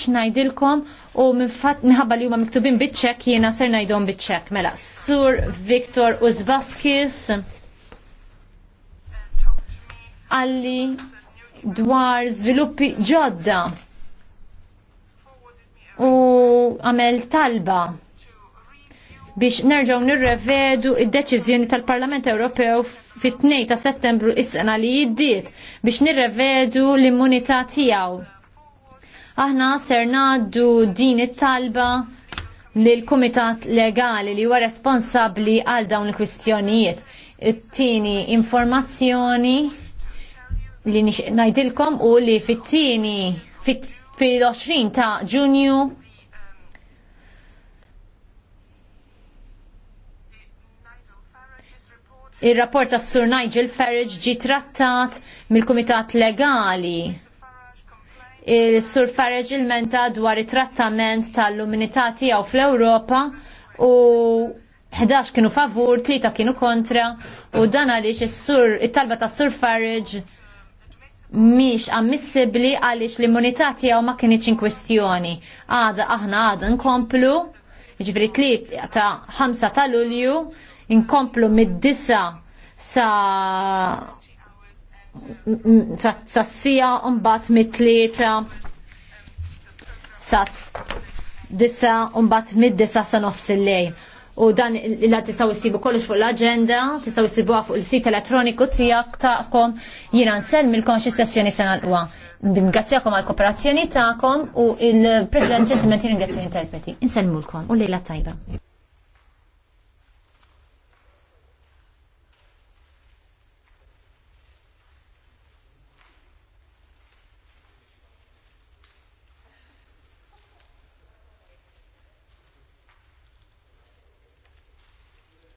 xnajdilkom u minħabba li huma miktubin bitċek jiena ser najdom bitċek. Mela, Sur Viktor Uzbaskis għalli dwar zviluppi ġodda u għamel talba biex nerġaw nirrevedu id-deċiżjoni tal-Parlament Ewropew fit-2 ta' settembru is-sena li jiddiet biex nirrevedu l-immunità tiegħu Aħna ser naddu din it-talba l kumitat Legali li huwa responsabbli għal dawn il-kwistjonijiet. It-tieni informazzjoni li ngħidilkom u li fit-tieni fil-20 ta' Ġunju Ir-rapport tas Sur Nigel Farage ġi trattat mill-Kumitat Legali il-Sur Farage il-menta dwar it-trattament tal-luminità tiegħu fl-Ewropa u 11 kienu favur, 3 kienu kontra u dan għaliex il sur it-talba tas-Sur Farage miex ammissibli għaliex l-immunità tiegħu ma in kwestjoni. Għada aħna għada nkomplu, ġifri tliet ta' 5 ta' Lulju, nkomplu mid-disa sa' sassija unbat mit-tlieta sa disa unbat mid-disa sa nofs il lej u dan illa tistaw issibu kollox fuq l-agenda, tistaw jisibu fuq il-sit elettroniku tijak ta'kom jina nselmilkom xie sessjoni sena l-qwa. Ringrazzjakom għal kooperazzjoni ta'kom u il-President ġentilmenti ringrazzjoni interpreti. mulkom u lejla tajba.